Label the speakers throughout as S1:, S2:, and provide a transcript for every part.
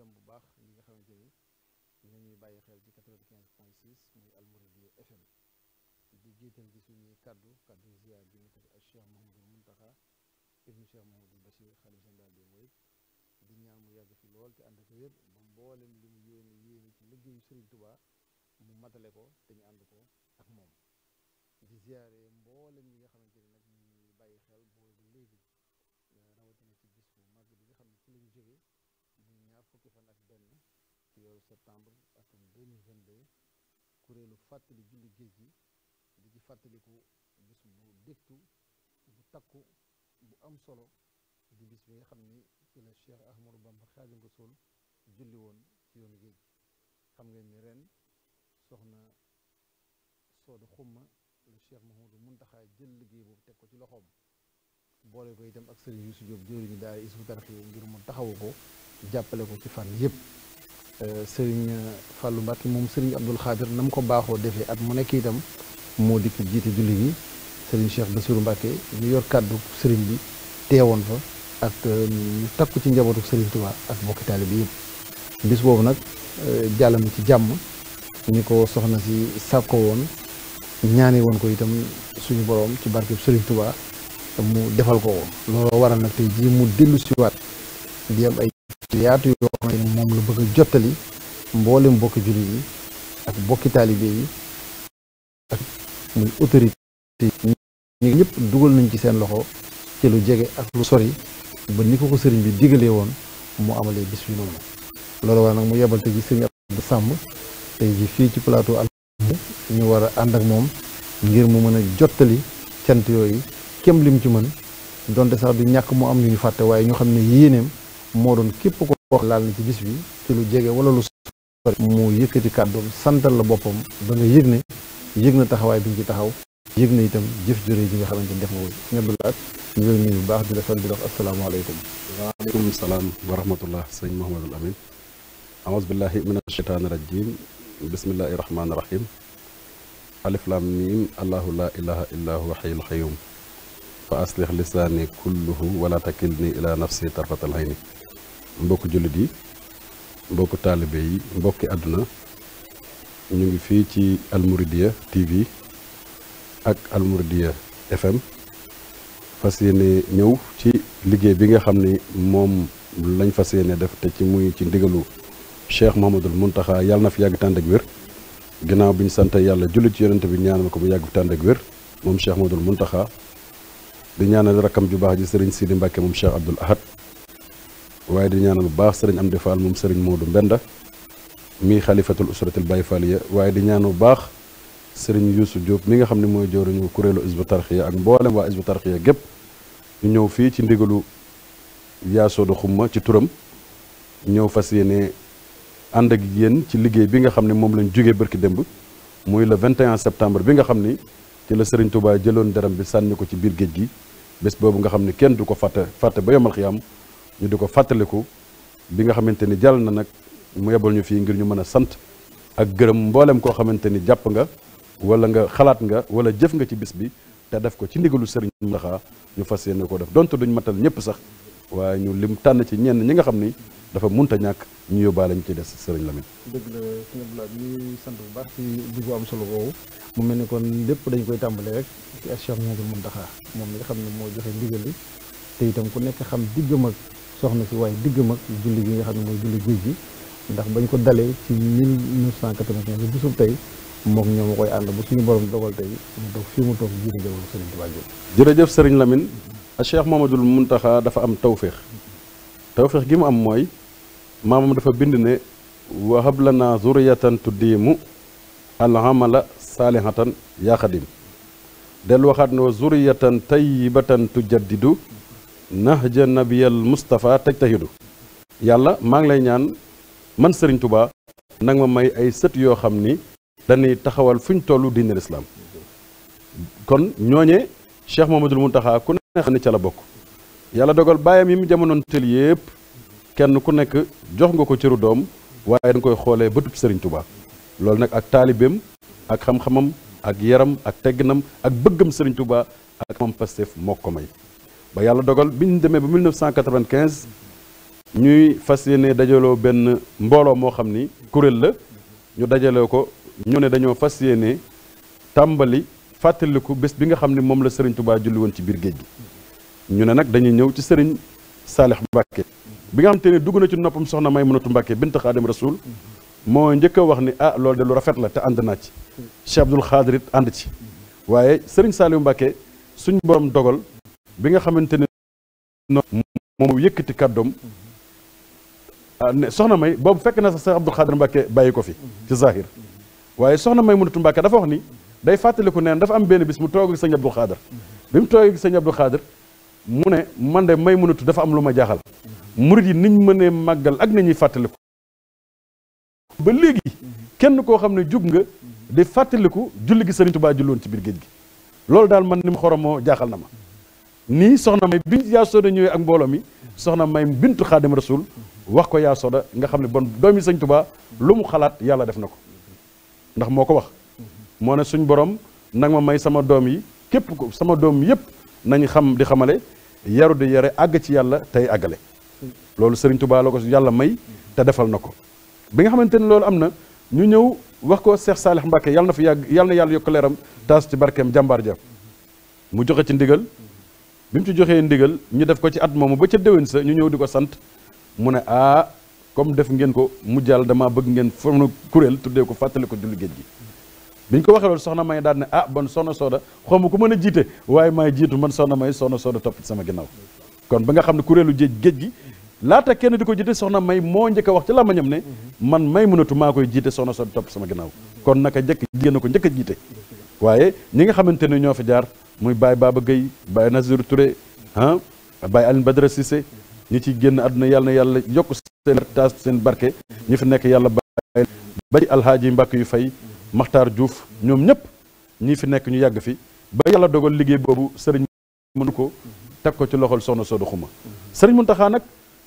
S1: itam bu baax ñi nga xamante ni ñu ñuy bàyyi xel ci 95 point 6 muy Almouridiyyah FM di jiital ci suñuy kaddu kaddu ziar bi nekk ak Cheikh Mouhamadou Mountakha ibnu Cheikh Mouhamadou Bachir xalifa général bi mooy di ñaan mu yàgg fi lool te ànd ak yëpp ba mboolem li mu yéene yéene ci liggéeyu Serigne Touba mu matale ko te ñu ànd ko ak moom di ziare mboolem ñi nga xamante ni nag ñu bàyyi xel. fukki fan ak benn ci weeru septembre atum 2022 fàttali julli géej gi di ci fàttaliku bis bu dégtu bu takku bu am solo di bis bi nga xam ni ci la Cheikh Ahmadou Bamba Xaadimu sol julli woon ci yoonu géej gi xam ngeen ni ren soxna soodu xumma le Cheikh Mahamadou Muntaxaa jël liggéey boobu teg ko ci loxoom boole ko itam ak sëriñ Yuusu Jóob jëwriñu daara Hizbut Tarqiyyah ngir mu taxawu ko jàppale ko ci fan yëpp euh, sëriñ Fallou Mbacke moom sëriñ Abdoul Khadir na mu ko baaxoo defee at mu nekk itam moo dikk jiite julli gi sëriñ Cheikh Bassirou Mbacke ñu yor kàddu sëriñ bi teewoon fa ak euh, ñu takku ci njabootu sëriñ Touba ak bokki taalibe bi bis boobu nag euh, jàllami ci jàmm ñu ko soxna si sàkko woon ñaane woon ko itam suñu boroom ci barkeb sëriñ Touba mu defal ko woon looloo waral nag tey jii mu dellu siwaat di am ay yaatu yoo la bëgg a jottali mboolem bokki jullit yi ak bokki taalibe yi ak muy autorité yi dugal nañ ci seen loxo ci lu jege ak lu sori ba ni ko ko sëriñ bi digalee woon mu amalee bis bi noonu loolu war nag mu yebal te ji sëriñ Abdou Samb tey ji fii ci plateau al ñu war a ànd ak moom ngir mu mën a jottali cant yooyu kem lim ci mën donte sax du ñàkk mu am ñu fàtte waaye ñu xam ne yéeneem moo doon képp ko wax laal na ci bis bi ci lu jege wala lu sori mu yëkkati kàddoom la boppam ba nga yëg ne na taxawaay bi ñu ci taxaw yëg na itam jëf
S2: jërë ji nga xamante ni def nga ko ñebe la ak ñu ngi nii bu baax di la sant di la wax asalaamaaleykum. salaam wa rahmatullah sëñ Mouhamadul Amin. aouzu billahi mina shaytaani rajim bismillahi rahmaani rahim. alif laam miim allahu huwa xayyul xayyum fa aslix lisaani kulluhu wala takilni ila nafsi tarfatal ayni mbokk jullit yi mbokk taalibe yi mbokki àdduna ñu ngi fii ci almouridia tv ak almouridia fm fas yéene ñëw ci liggéey bi nga xam ni moom lañ fas yéene def te ci muy ci ndigalu cheikh mahamadul muntaxa yàlla na fi yàgg tànd ak wér ginnaaw bi ñu sant yàlla jullit ci yonent bi ñaanal ko mu yàgg fi tànd ak wér moom cheikh mahamadul muntaxa di ñaanal rakkam ju baax ji sëriñ sidi mbàkke moom cheikh abdul ahad waaye di ñaana bu baax sëriñ di Fall moom sëriñ Modou Mbenda mii xalifatul usratil Baye Fall ya waaye di ñaanal bu baax sëriñ Youssou Diop mi nga xam ne mooy jooruñu kuréelu Hizbut Tarqiyyah ak mboolem waa Hizbut Tarqiyyah gépp ñu ñëw fii ci ndigalu Yaasoodu Xumma ci turam ñëw fas yéene ànd ak yéen ci liggéey bi nga xam ne moom lañ jógee bërki démb muy le 21 septembre bi nga xam ni ci la sëriñ tubaay jëloon deram bi sànni ko ci biir géej gi bés boobu nga xam ne kenn du ko fàtte fàtte ba yomal xiyaam ñu di ko fàttaliku bi nga xamante ni jàll na nag mu yebal ñu fii ngir ñu mën a sant ak gërëm mboolem koo xamante ni jàpp nga wala nga xalaat nga wala jëf nga ci bis bi te def ko ci ndigalu sëriñ Mountakha ñu fas yéene ko def dont duñ matal ñëpp sax waaye ñu lim tànn ci ñenn ñi nga xam ni dafa munta ñàkk ñu yóbbaale ñu ci des sëriñ la sëñ
S1: Abdoulaye ñu sant bu baax ci diggu am solo woowu mu mel ni kon lépp dañ koy tàmbalee rek ci Cheikh Mouhamadou Mountakha moom mi nga xam ne moo joxe ndigal li te xam diggam soxna si waaye digg mag julli gi nga xam ne mooy julli géej gi ndax bañ ko dalee ci 1995 bisul tey moom ñoom koy ànd ba suñu borom dogal tey mu toog fii mu toog jiite jamono Serigne Touba
S2: jërëjëf Serigne Lamine Cheikh Mamadul Muntaxa dafa am tawféex tawféex gi mu am mooy maamam dafa bind ne wahab lana zuriyatan tuddiimu alhamala saalihatan yaa xadim del waxaat ne wa zuriyatan tayyibatan tujaddidu nahja nabiyal teg tajtahidu yàlla maa ngi lay ñaan man sëriñ Touba nag ma may ay sët yoo xam ni dañuy taxawal fu ñu toll diine lislaam kon ñooñee Cheikh mu taxaa ku ne xam ne ca la bokk yàlla dogal baayam yi mu jamonoon tël yépp kenn ku nekk jox nga ko cëru doom waaye dañ koy xoolee bëtub Serigne Touba loolu nag ak taalibeem ak xam-xamam ak yaram ak tegginam ak bëggam sëriñ tubaa ak moom Pastef moo ko may ba yàlla dogal bi ñu demee ba 1995 ñuy fas yéene dajaloo benn mbooloo moo xam ni kuréel la ñu dajaloo ko ñoo ne dañoo fas yéene tàmbali fàttaliku bés bi nga xam ne moom la Serigne Touba julli woon ci biir géej gi ñu ne nag dañuy ñëw ci Serigne Salih Mbacke bi nga xam te ne dugg na ci noppam soxna may mënatu Mbacke bint Xaadim Rasoul moo njëkk a wax ni ah loolu de lu rafet la te ànd naa ci Cheikh Abdoul Xaadir ànd ci waaye Serigne Saliou Mbacke suñ borom dogal bi nga xamante ne noonu moom yëkkati kàddoom ah, ne soxna may boobu fekk na sax Seex Abdul Xaadir Mbàkke bàyyi ko fi ci zahir waaye soxna may Munatu Mbàkke dafa wax ni day fàttaliku neen dafa am benn bis mu toog ak sëñ Abdul Xaadir bi mu toog ak sëñ Abdul Xaadir mu ne man de may Munatu dafa am lu ma jaaxal murit yi niñ mënee màggal ak nañuy fàttaliku ba léegi kenn koo xam ne jug nga di fàttaliku julli gi Sëriñ Tuubaa julloon ci biir géej gi loolu daal man ni mu xoromoo jaaxal na ma nii soxna may bi yaa soda ñëwee ak mbooloo mi soxna may bintu xaadim rasul wax ko yaa soda nga xam ne bon doomi sëñ tubaa lu mu xalaat yàlla def na ko ndax moo ko wax moo ne suñ borom nag ma may sama doom yi képp ko sama doom yépp nañ xam di xamale yaru di yare àgg ci yàlla tey àggale loolu sëriñ tubaa la ko yàlla may te defal na ko bi nga xamante ne loolu am na ñu ñëw wax ko Seex Saalix Mbàkke yàlla na fi yàgg yàlla na yàlla yokk leeram taas ci barkeem jàmbaar ja mu joxe ci ndigal bi mu ci joxee ndigal ñu def ko ci at moomu ba ca déwén sa ñu ñëw di ko sant mu ne ah comme def ngeen ko mu jàll damaa bëgg ngeen forme kuréel tuddee ko fàttali ko julli géej gi bi ñu ko waxee loolu soxna may daal ne ah bon soxna sooda xaw ma ku mën a jiite waaye maay jiitu man soxna may soxna sooda topp sama ginnaaw kon ba xam ne kuréelu géej géej gi laata kenn di ko jiite soxna may moo njëkk wax ci làmmañam ne man may mënatu maa koy jiite soxna sooda topp sama ginnaaw kon naka njëkk jigéen ko njëkk jiite waaye ñi nga xamante ne ñoo fi jaar muy Baye Baba Gueye Baye Nazir ture ah Baye Aline Badara Cissé ñi ci génn àdduna yàlla na yàlla yokk seen taas seen barke ñi fi nekk yàlla bàyyi ba ci alxaaji mbàkk yu fay maxtar Diouf ñoom ñëpp ñi fi nekk ñu yàgg fi ba yàlla dogal liggéey boobu sëriñ mënu ko teg ko ci loxol soxna Soodu Xuma sëriñ Muntaxa nag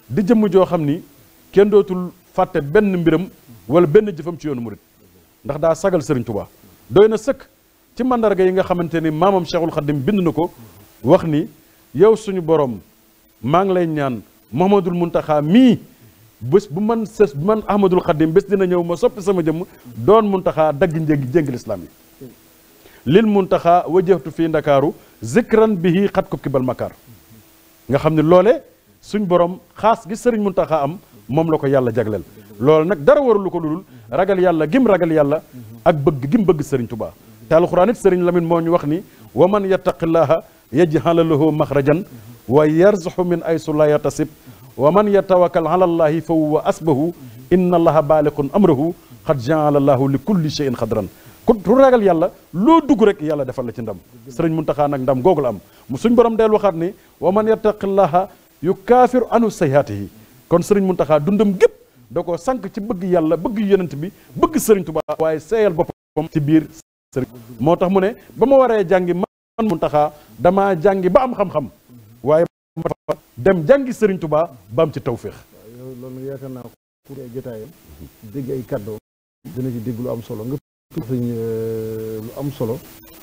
S2: di jëmm joo xam ni kenn dootul fàtte benn mbiram wala benn jëfam ci yoonu murit ndax daa sagal sëriñ Tuubaa doy na sëkk ci mandarga yi nga xamante ni maamam Cheikhul Khadim bind na ko wax ni yow suñu borom maa ngi lay ñaan Mouhamadul Muntaxa mii bés bu man sës bu man Ahmadul Khadim bés dina ñëw ma soppi sama jëmm doon Muntaxa dagg njëngi jéngi lislaam yi lil Muntaxa wajjahtu fii ndakaaru zikran bihi xat ko kibal makar nga xam ne loole suñ borom xaas gi sëriñ mun Muntaxa am moom la ko yàlla jagleel loolu nag dara warulu ko ludul ragal yàlla gim ragal yàlla ak bëgg gim bëgg sëriñ Tuubaa te alxuraan it sëriñ Lamine moo ñu wax ni wa man yattaqillaha yajhala lahu maxrajan wa yarzuqhu min aysu la yatasib wa man yatawakkal ala allahi fa huwa asbahu inna allaha baaliqun amrahu xad jaala allahu li kulli shay'in xadran ku ragal yàlla loo dugg rek yàlla defal la ci ndam sëriñ Muntaxa nag ndam googu la am mu suñ borom deel waxaat ni wa man yattaqillaha yukaafiru anhu sayyaatihi kon sëriñ Muntaxa dundam gépp da ko sànq ci bëgg yàlla bëgg yonent bi bëgg sëriñ Tuubaa waaye seeyal boppam ci moo tax mu ne ba ma waree jàngi man Muntaxa damaa jàngi ba am xam-xam waaye dem jàngi sëriñ tubaa ba am ci tawféex.
S1: waaw loolu yaakaar naa ko ku ay jotaayam dégg ay kàddoom dina ci dégg lu am solo nga tudd euh, lu am solo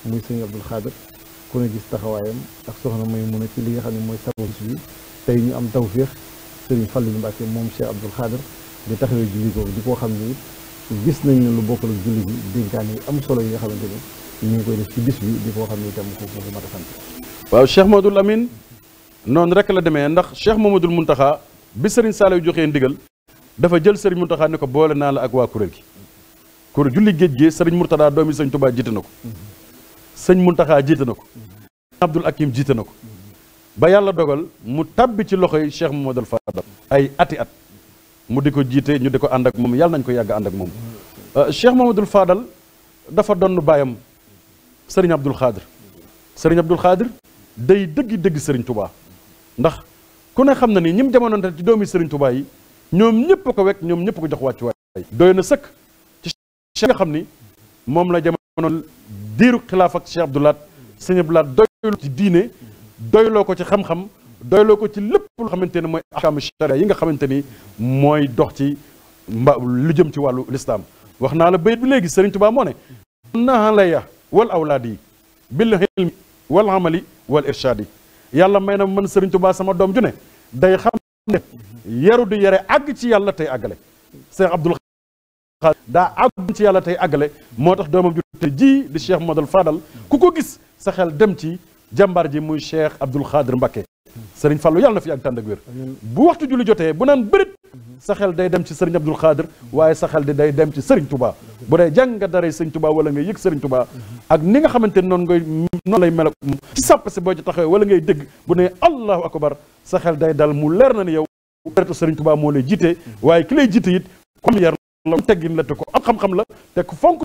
S1: muy sëñ Abdul Xaadir ku ne gis taxawaayam ak soxna may mun a ci li nga xam ne mooy sababus bi tey ñu am tawféex Serigne Fallou Mbacke moom Cheikh Abdul Xaadir di taxawee julli googu di koo xam ni. gis nañ ne lu bokkul ak julli gi dénkaane yi am solo yi nga xamante ni ñu ngi koy def ci bis bi di koo xam ne itam ku ku mat a sant
S2: waaw Cheikh Mamadou Lamine noonu rek la demee ndax Cheikh Mamadou taxaa bi Serigne Saliou joxee ndigal dafa jël Serigne Muntaxa ne ko boole naa la ak waa kuréel gi kuréel julli géej gi Serigne Mourtada doomi Serigne Touba jiite na ko mun taxaa jiite na ko Abdoul Hakim jiite na ko ba yàlla dogal mu tabbi ci loxoy Cheikh Mamadou Fadal ay ati at mu di ko jiite ñu di ko ànd ak moom yàlla nañ ko yàgg ànd ak moom euh, Cheikh Mamadou faadal dafa donn baayam Serigne Abdoul Khadir Serigne Abdoul Khadir day dëggi dëgg Serigne tubaa ndax ku ne xam na ni ñim jamonoonte ci doomi Serigne Touba yi ñoom ñëpp ko wekk ñoom ñëpp ko jox wàccuwaay doy na sëkk ci Cheikh nga xam ni moom la jamono diiru xilaaf ak Cheikh Abdoulaat Serigne Abdoulaat doyloo ci diine doyloo ko ci xam-xam doyloo ko ci lépp loo xamante ne mooy ahkaamu sharia yi nga xamante ni mooy dox ci mba lu jëm ci wàllu lislaam wax naa la bayit bi léegi Sëriñ Tuubaa moo ne naha laya wal awlaad yi bil xilmi wal amali wal irshaad yi yàlla may na man Sëriñ Tuubaa sama doom ju ne day xam ne yaru du yare àgg ci yàlla tey àggale Cheikh Abdoul Xaadir daa àgg ci yàlla tey àggale moo tax doomam ju te ji di Cheikh Modou Fadal ku ko gis sa xel dem ci jàmbaar ji muy Cheikh Abdoul Khadr Mbacké sëriñ Fallou yàlla na fi yàgg tànd ak wér bu waxtu julli jotee bu naan bërit mhm. sa xel day dem ci sëriñ Abdoul Khadr waaye sa xel di day dem ci sëriñ Touba bu dee jàng nga dara sëriñ Touba wala ngay yëg sëriñ Touba mhm. ak ni nga xamante noonu ngay noonu lay mel ak sàpp si boo ci taxawee wala ngay dégg bu ne allahu akbar sa xel day dal mu leer na ne yow retu sëriñ tubaa moo lay jiitee mhm. waaye ki lay jiite it comme yar la teggin la te ko am xam la te fonk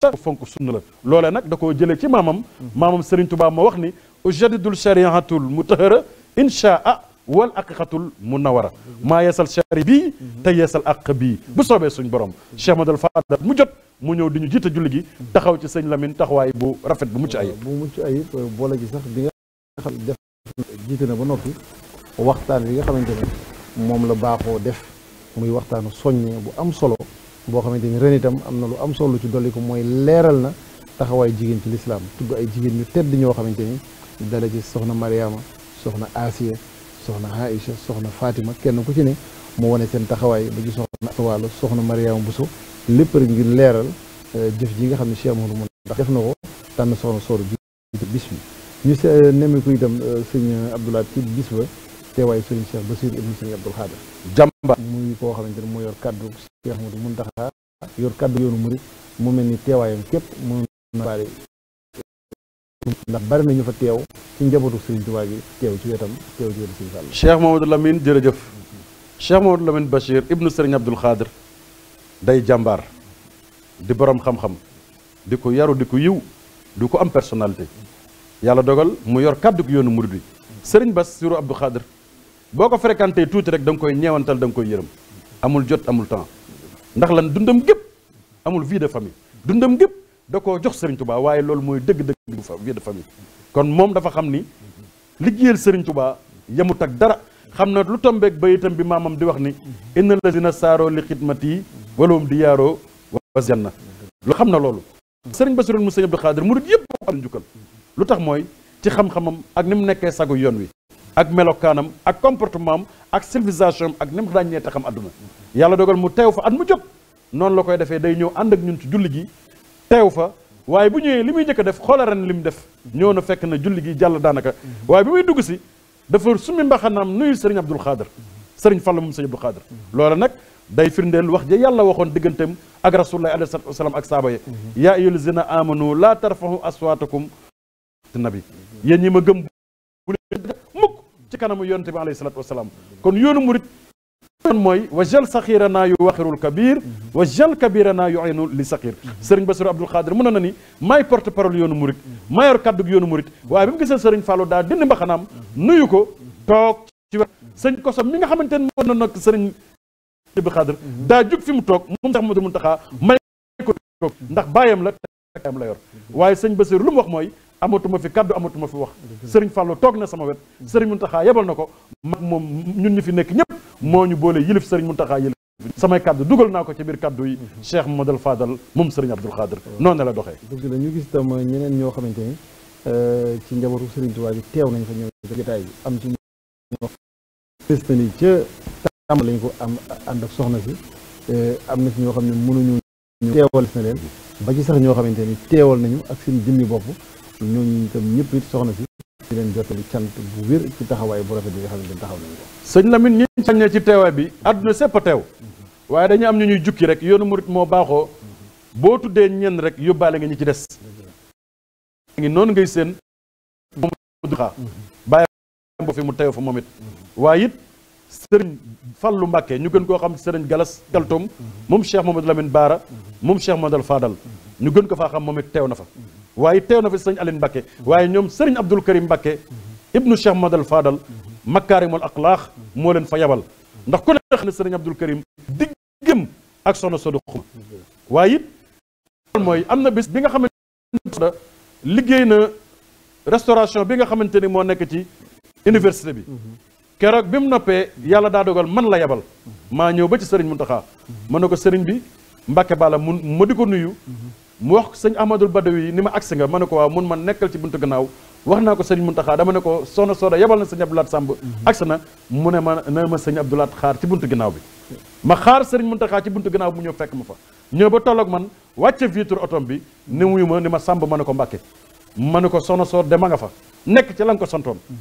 S2: fonk sunna la loolee nag da koo jëlee ci maamam maamam Serigne Touba moo wax ni ujaddidul shariatul mutahara inchaa wal aqiqatul munawara maa yeesal shari bi te yeesal aq bi bu soobee suñ borom Cheikh Madal Fadal mu jot mu ñëw duñu ñu jiite julli gi taxaw ci sëñ lamin taxawaay bu rafet bu mucc ayib bu mucc ayib boole
S1: gi sax bi nga xam def jiite na ba noppi waxtaan bi nga xamante ne moom la baaxoo def muy waxtaanu soññe bu am solo boo xamante ni ren itam am na lu am solo ci dolli ko mooy leeral na taxawaay jigéen ci lislaam tudd ay jigéen ñu tedd ñoo xamante ni dala ci soxna Mariama soxna Asiya soxna Aïcha soxna Fatima kenn ku ci ne mu wane seen taxawaay ba ci soxna Aswaalo soxna Mariama Bousso lépp rek ngir leeral euh, jëf ji nga xam ne Cheikh lu mun ndax def na ko tànn soxna sooru ji bis bi ñu se euh, nemme ko itam euh, sëñ Abdoulaye ci bis ba teewaayu sëriñ Cheikh Basir ibnu sëriñ Abdoul Xaadar jàmbaar muy koo xamante ni moo yor kàddu Cheikh Mouhamadou Mountakha yor kàddu yoonu murit mu mel ni teewaayam képp mënoon na baale ndax bari nañu fa teew ci njabootu Serigne teew ci wetam teew ci wetu Serigne Fall
S2: Cheikh Mamadou Lamine jërëjëf Cheikh Mamadou Lamine Bachir ibnu Serigne Abdoul Khadir day jàmbaar di boroom xam-xam di ko yaru di ko yiw di ko am personnalité yàlla dogal mu yor kàddu gi yoonu murit bi sëriñ Bassirou Abdoul Khadir boo ko fréquenté tuuti rek danga koy ñeewantal danga nga koy yërëm amul jot amul temps ndax lan dundam gépp amul vie de famille dundam gépp da koo jox Serigne tubaa waaye loolu mooy dëgg-dëgg vie de famille kon moom dafa xam ni liggéeyal Serigne Touba yemut ak dara xam na lu tombeeg bayitam bi maamam di wax ni inna lazina saaro li xidmati walawum di yaaroo wasen na lu xam na loolu Serigne Bassirou mu Serigne Abdou Khadir murid yëpp boo xam njukkal lu tax mooy ci xam-xamam ak ni mu nekkee sagu yoon wi ak melokaanam ak comportement am ak civilisation am ak xam mu ràññee taxam àdduna yàlla dogal mu teew fa at mu jot noon la koy defee day ñëw ànd ak ñun ci julli gi teew fa waaye bu ñëwee li muy njëkk def xoola ren li mu def ñëw na fekk na julli gi jàll daanaka waaye bi muy dugg si dafa summi mbaxanaam nuyu sëriñ Abdul Xaadir sëriñ Fall moom sëriñ Abdul Xaadir loola nag day firndeel wax ja yàlla waxoon digganteem ak rasulullahi alayhi salatu wasalaam ak saaba ya yaa ayyuhal lazina amanu laa tarfahu aswaatakum nabi yéen ñi ma ci kanamu yonent bi alayhi salaatu wasalaam kon yoonu murit kon mooy wa jal saxiira naa yu waxirul kabir wa jal kabira naa yu aynu li saxiir sëriñ Basiru Abdul Xaadir mënoon na ni maay porte parole yoonu murit maa yor kàddug yoonu murit waaye bi mu gisee sëriñ Fallou daa dindi mbaxanaam nuyu ko toog ci wet sëñ kosom mi nga xamante ne moo na nag sëriñ Abdul Xaadir daa jug fi mu toog moom sax Mouhamadou Mountakha may ko toog ndax baayam la am la yor waaye sëñ Basiru lu mu wax mooy amatuma fi kaddu amatuma fi wax sëriñ Fallou toog na sama wet sëriñ Muntaxa yebal na ko mag moom ñun ñu fi nekk ñëpp moo ñu boole yilif sëriñ Muntaxa yilif samay kàddu dugal naa ko ci biir kaddu yi Cheikh dal Fadal moom sëriñ Abdoul Khadir noonu la doxee
S1: dëgg la ñu gis tam ñeneen ñoo xamante ni euh, ci njabootu sëriñ Tuubaa bi teew nañ fa ñëw jotaay bi am ci ñoo
S2: gis na ni ca
S1: tàmbal lañ ko am ànd ak soxna si euh, am na ci ñoo xam ne mënuñu teewal na leen ba ci sax ñoo xamante ni teewal nañu ak seen jëmmi bopp ñooñu itam ñëpp it soxna si di leen jottali cant bu wér ci taxawaay bu rafet bi nga xamante ni taxaw
S2: sëñ Lamine ñi ñu ci teewaay bi àdduna sépp a teew waaye dañu am ñu ñuy jukki rek yoonu murit moo baaxoo boo tuddee ñenn rek yóbbaale nga ñi ci des ngi noonu ngay seen moom duxaa bàyyi mu teew fa moom it waaye it sëriñ lu Mbàkke ñu gën koo xam sëriñ Galas Kaltoom moom Cheikh Mamadou Lamine Baara moom Cheikh Mamadou Fadal ñu gën ko faa xam moom it teew na fa waaye teew na fi sëñ Aline Mbakke waaye ñoom sëriñ Abdul Karim Mbakke ibnu Cheikh Madal Fadal makaarimul axlaax moo leen fa yabal ndax ku ne xam ne sëriñ Abdul Karim diggam ak soxna Sodu Xuma waaye it mooy am na bis bi nga xamante ne liggéey na restauration bi nga xamante ni moo nekk ci université bi keroog bi mu noppee yàlla daa dogal man la yabal maa ñëw ba ci sëriñ Muntaxa mën na ko sëriñ bi Mbàkke baala mun ma di ko nuyu mu wax sëñ Ahmadul yi ni ma agsi nga ma ne ko waaw mun ma nekkal ci buntu gannaaw wax naa ko sëñ Muntaxa dama ne ko soxna Soda yebal na sëñ Abdoulaat Samb mhm. agsi na mu ne ma ne ma sëñ Abdoulaat xaar ci buntu gannaaw bi ma xaar sëriñ Muntaxa ci buntu gannaaw bi mu ñëw fekk ma fa ñëw ba tolloog man wàcce vitre otom bi ni wuyu ma ni ma Samb ma ne ko Mbàkke ma ne ko soxna Soda dema nga fa nekk ci la nga ko santoon mhm.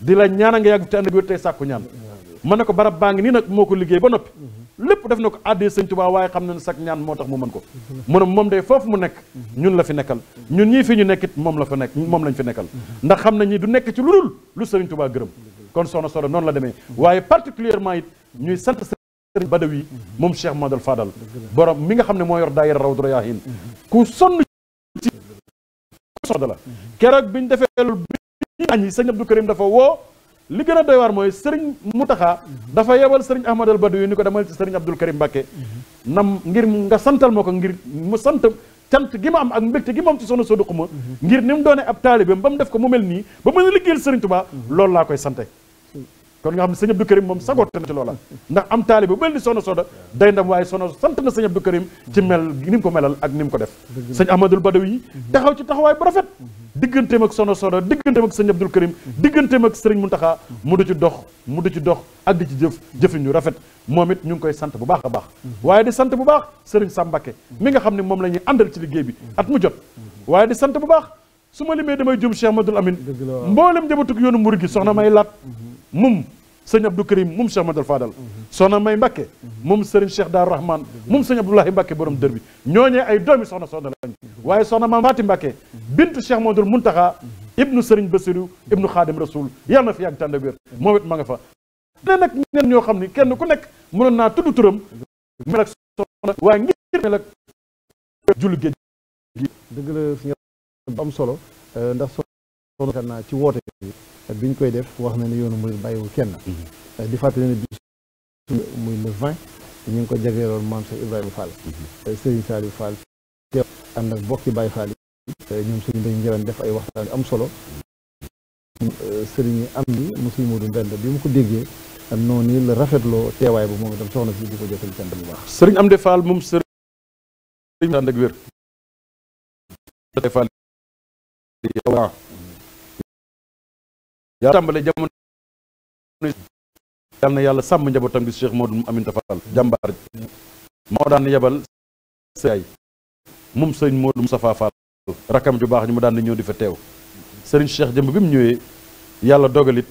S2: di la ñaana nga yàgg te ànd ak wér tey sàkku ñaan mhm. ma ne ko barab baa ngi nii nag moo ko liggéey ba noppi lépp def na ko addee sëñ Tuubaa waaye xam na ne sax ñaan moo tax mu mën ko mu ne moom de foofu mu nekk ñun la fi nekkal ñun ñii fi ñu nekkit moom la fa nekk moom lañ fi nekkal ndax xam nañ ni du nekk ci lu dul lu sëriñ Tuubaa gërëm kon soxna Soda noonu la demee waaye particulièrement it ñuy sant sëriñ Badawi moom Cheikh Madal Fadal borom mi nga xam ne moo yor raw daayira Rawdu Rayaahiin ku sonn ci soxna la keroog bi ñu defee loolu bi ñu añi sëñ Abdou Karim dafa woo li gën a doy waar mooy sëriñ taxa dafa yebal sëriñ Ahmadal Badawi ni ko demal ci sëriñ Abdul Karim Mbàkke mhm. nam ngir nga santal ma ko ngir mu sant cant gi ma am ak mbégte gi ma am ci sono sooduquma mhm. ngir ni mu doone ab taalibeem ba mu def ko mu mel nii ba mën a liggéeyal sëriñ Tuubaa mhm. loolu laa koy sante kon nga xam ne sëñ Abdou Karim moom sagoote na ci loola ndax am taali bu sono soda day ndam waaye sono sant na sëñ Abdou Karim ci mel ni mu ko melal ak ni mu ko def sëñ Amadou Badawi taxaw ci taxawaay bu rafet digganteem ak sono soda digganteem ak sëñ Abdou Karim digganteem ak sëriñ Muntaxa mu du ci mu du ci dox ak di ci jëf jëfin ñu rafet moom it ñu ngi koy sant bu baax a baax waaye di sant bu baax sëriñ Sàmbake mi nga xam ne moom la ñuy àndal ci liggéey bi at mu jot waaye di sant bu baax su ma limee damay jum Cheikh Amadou Amin yoonu murid gi soxna may laat mum sëñ Abdou Karim mum Cheikh Madal Fadal soxna May Mbakke mum Serigne Cheikh Daar Rahman mum sëñ Abdoulahi Mbakke borom dër bi ñooñee ay doomi soxna soxna lañ waaye soxna Maam Faati Mbakke bintu Cheikh Madul Muntaxa ibnu Serigne Basiru ibnu Xaadim Rasul yàlla na fi yàgg tànda wér moom it ma nga fa ne nag ñeneen ñoo xam ni kenn ku nekk mënoon naa tudd turam mel ak soxna waaye ngir mel ak
S1: julli géej gi dëgg la fi nga solo yaakaar naa ci woote bi biñ koy def wax na ne yoonu murid bàyyiwul kenn mhm. di fàttali ne bis muy le vingt ñu ngi ko jageeloon maam Cheikh Ibrahima Fall mhm. Serigne Saliou Fall teew ànd ak bokki Baye Fall yi ñoom Serigne dañu njëran def ay waxtaan am solo Serigne am bi mu Serigne Modou Mbend bi mu ko déggee noonu la rafetloo teewaay bu moom itam soxna si di ko jottali cant bu
S2: baax am Amdi Fall moom Serigne ànd
S3: ak wér yaa tàmbale jamono yal na yàlla sàmm njabootam
S2: gi Cheikh Modou Amin Tafal jàmbaar moo daan yebal say moom sëñ Modou Moustapha Fall rakam ju baax ñu mu daan di ñëw di fa teew sëriñ Cheikh jëmb bi mu ñëwee yàlla dogalit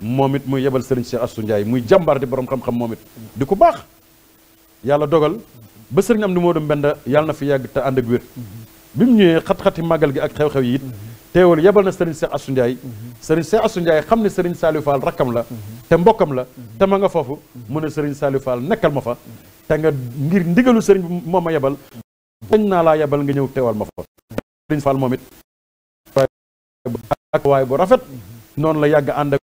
S2: moom it muy yebal sëriñ Cheikh Assou Ndiaye muy jàmbaar di borom xam-xam moom di ko baax yàlla dogal ba sëriñ am di Modou Mbenda yàlla na fi yàgg te ànd ak wér bi mu ñëwee xat-xati màggal gi ak xew-xew yi it teewul yebal na mhm. Serigne Cheikh Assou Ndiaye xam ne Serigne Saliou Fall rakkam la mhm. te mbokkam la mhm. te ma nga foofu mu ne Serigne Saliou nekkal ma fa te nga ngir ndigalu Serigne bi moo ma yebal dañ naa la yebal nga ñëw teewal ma fa Serigne Fall moom it ak waay bu rafet noonu la yàgg ànd ak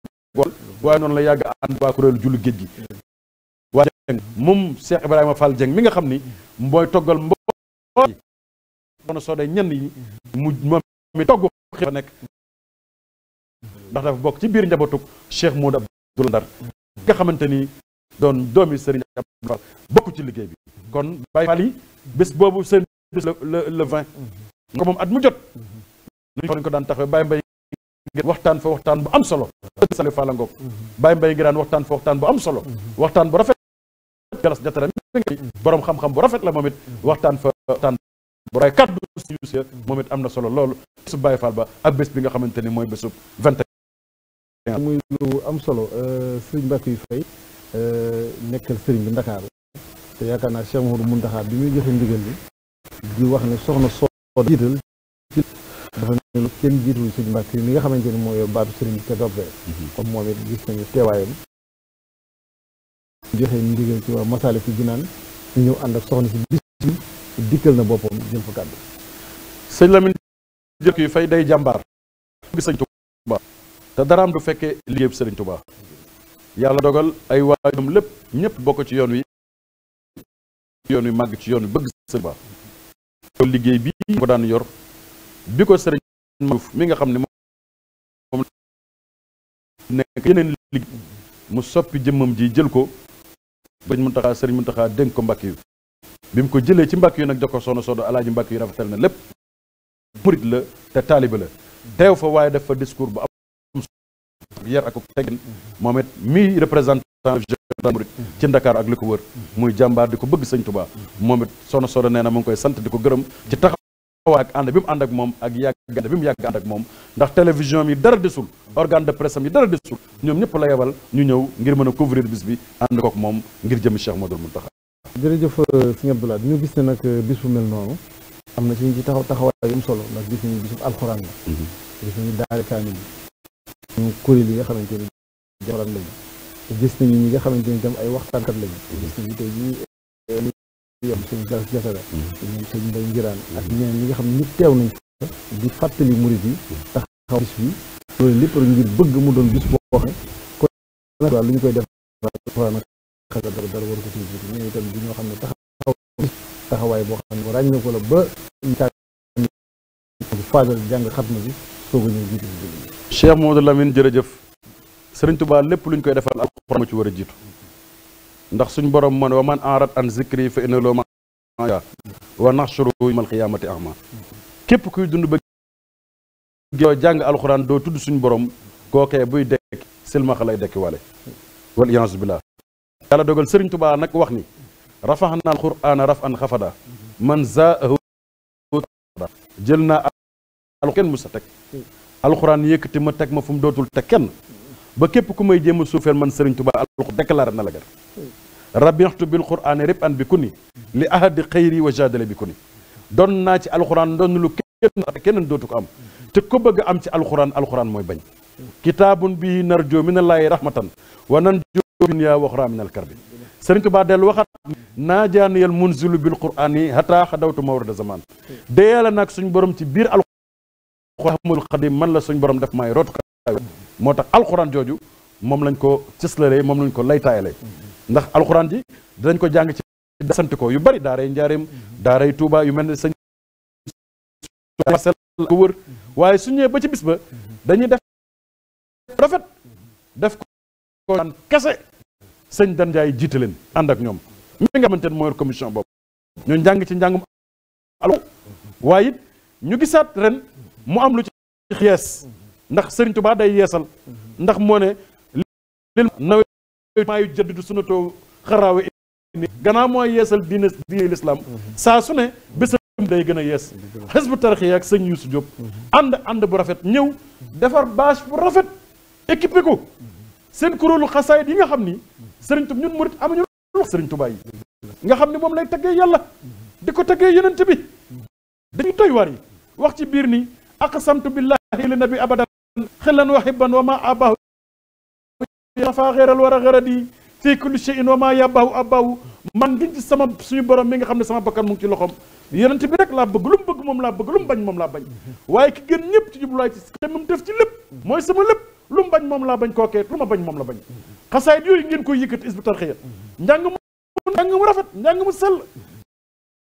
S2: waaye noonu la yàgg ànd waa kuréelu jullu géej gi waa Jeng moom Cheikh Ibrahima Fall Jeng mi nga xam ni mbooy toggal mbo
S3: bi togg xew nekk
S2: ndax dafa bokk ci biir njabootu Cheikh Modou Abdoul Ndar nga xamante ni doon doomi sëriñ Abdou Fall bokk ci liggéey bi kon Baye Fall yi bés boobu seen bés le le vingt nga moom at mu jot lu ñu ko daan taxawee bay Mbaye waxtaan fa waxtaan bu am solo Saliou Fall ngoog Baye Mbaye ngi daan waxtaan fa waxtaan bu am solo waxtaan bu rafet galas xam-xam bu rafet la moom it waxtaan fa waxtaan bu raay kaddu si Youssef moom it am na solo loolu su Baye Fall ba ak bés bi nga xamante ni mooy bésub vingt muy lu am solo sëriñ Mbàkke yu fay
S1: nekkal sëriñ bi Ndakaaru te yaakaar naa Cheikh mu Mountakha bi muy joxe ndigal bi di wax ne soxna sooda jiital ci dafa ne lu kenn jiitul sëriñ Mbàkke mi nga xamante ni mooy baatu sëriñ bi te dobbee mhm. kon moom it gis nañu teewaayam joxe ndigal ci waa Masaalikul Jinaan ñu ñëw ànd ak soxna si bis bi dikkal na boppam
S2: jël fa kàddu sëñ Lamine jëkk yi fay day jàmbaar bi sëñ Touba te daraam du fekkee liggéey bi sëriñ Touba yàlla dogal ay waajum lépp ñëpp bokk ci yoon wi yoon wi màgg ci yoon bëgg sëriñ
S3: liggéey bi ko daan yor bi ko sëriñ Diouf mi nga xam ne moom
S2: nekk yeneen liggéey mu soppi jëmmam ji jël ko bañ Muntaxa sëriñ Muntaxa dénk ko mbàkk yi bi mu ko jëlee ci mbàkk yu nag jokko sono sodo alaaji mbàkk yu rafetal na lépp murit la te taaliba la teew fa waaye def fa discours bu am yar ak teggin moom it mii représentant murit ci Ndakaar ak li ko wër muy jàmbaar di ko bëgg sëñ Tuubaa moom it sono nee na mu ngi koy sant di ko gërëm ci taxawaay ak ànd bi mu ànd ak moom ak yàgg ànd bi mu yàgg ànd ak moom ndax télévision mi dara desul organe de presse am yi dara desul ñoom ñëpp la yebal ñu ñëw ngir mën a couvrir bis bi ànd kook moom ngir jëmi Cheikh Modou tax
S1: jërëjëf euh, sëñ Abdou Lahad ñu gis ne nag euh, bis bu mel noonu am na ci ñu ci taxaw taxawaay yu mu solo ndax gis nañu bisub alxuraan la mhm. gis nañu daare kaamil yi ñu kuréel yi nga xamante ni jaxaraan lañu gis nañu ñi nga xamante ni tam ay waxtaankat lañu mhm. gis nañu tey jii euh, li am sëñ gas jasara ñoom ngiraan ak ñeneen ñi nga xam ne ñu teew nañ di fàttali murit yi mhm. taxaw bis bi loolu lépp ngir bëgg mu doon bis boo xam ne kon lu ñu koy def alxuraan xel dara dara war ñoo xam ne taxaw taxawaay boo xam ne na bi
S2: sooga jërëjëf Sëriñ lépp luñ koy defal alxuraan moo ci war a jiitu ndax suñ borom moo wa man arat an zikri fa inna loo ma wa nahshuru yawmal qiyaamati a'ma képp kuy dund ba doo jàng alxuraan doo tudd suñ borom kookee buy dekk silmaxa lay dekki wale wal iyaasu billah yàlla dogal sëriñ tubaa nag wax ni rafax na alqurana raf an xafada man zaahu jël naa al kenn musa teg alxuraan yëkkati ma teg ma fu mu dootul teg kenn ba képp ku may jéem a suufeel man sëriñ tubaa alxuraan déclaré na la gar rabixtu bil quraan rib an bi kuni li ahadi xayri wa bi kuni doon naa ci alxuraan doon lu kenn kenn dootu ko am te ko bëgg am ci alxuraan alxuraan mooy bañ kitaabun bi narjo minallahi rahmatan wa nanju dunya wa ukhra min al karbi sëriñ Tuubaa dellu waxat naa jaaniyal munzilu bil qur'aan yi hatta xadawtu mawrada zaman la nag suñ borom ci biir alxamul xadim man la suñ borom def may maay ka moo tax alxuraan jooju moom lañ ko cislare moom lañ ko lay laytaayale ndax alxuraan ji dañ ko jàng ci sant ko yu bari daaray njaareem daaray Tuubaa yu mel ne sañ ko wër waaye suñ ñëwee ba ci bis ba dañuy def rafet def ko kese sëñ Dan Njaay jiite leen ànd ak ñoom mi nga xamante ne commission boobu ñoo njàng ci njàngum alo waaye it ñu gisaat ren mu am lu ci yees ndax Sëriñ Tuubaa day yeesal ndax moo ne lil nawmaayu jaddidu sunatoo xaraawe gannaaw mooy yeesal diine diine lislaam saa su ne bésam day gën a yees Hizbut Tarqiyyah ak sëñ Youssou Diop ànd ànd bu rafet ñëw defar bâche bu rafet équipé ko seen kuréelu xasaayit yi nga xam ni sëriñ Tuubaa ñun murit amuñu wax sëriñ Tuubaa yi nga xam ni moom lay taggee yàlla di ko taggee yonent bi dañu doy waar yi wax ci biir ni aqsamtu billahi li nabi abadan xillan wa hibban wa ma abahu faa xeeral war a xeradi fii kulli shay'in wa ma yabahu abahu man giñ ci sama suñu borom mi nga xam ne sama bakkan mu ci loxoom yonent bi rek laa bëgg lu mu bëgg moom la bëgg lu mu bañ moom laa bañ waaye ki gën ñëpp ci jubluwaay ci ci lépp mooy sama lu mu bañ moom la bañ kookee lu ma bañ moom la bañ xasaayit yooyu ngeen koy yëkkati Hizbut Tarqiyyah njàng mu njàng mu rafet njàng mu sell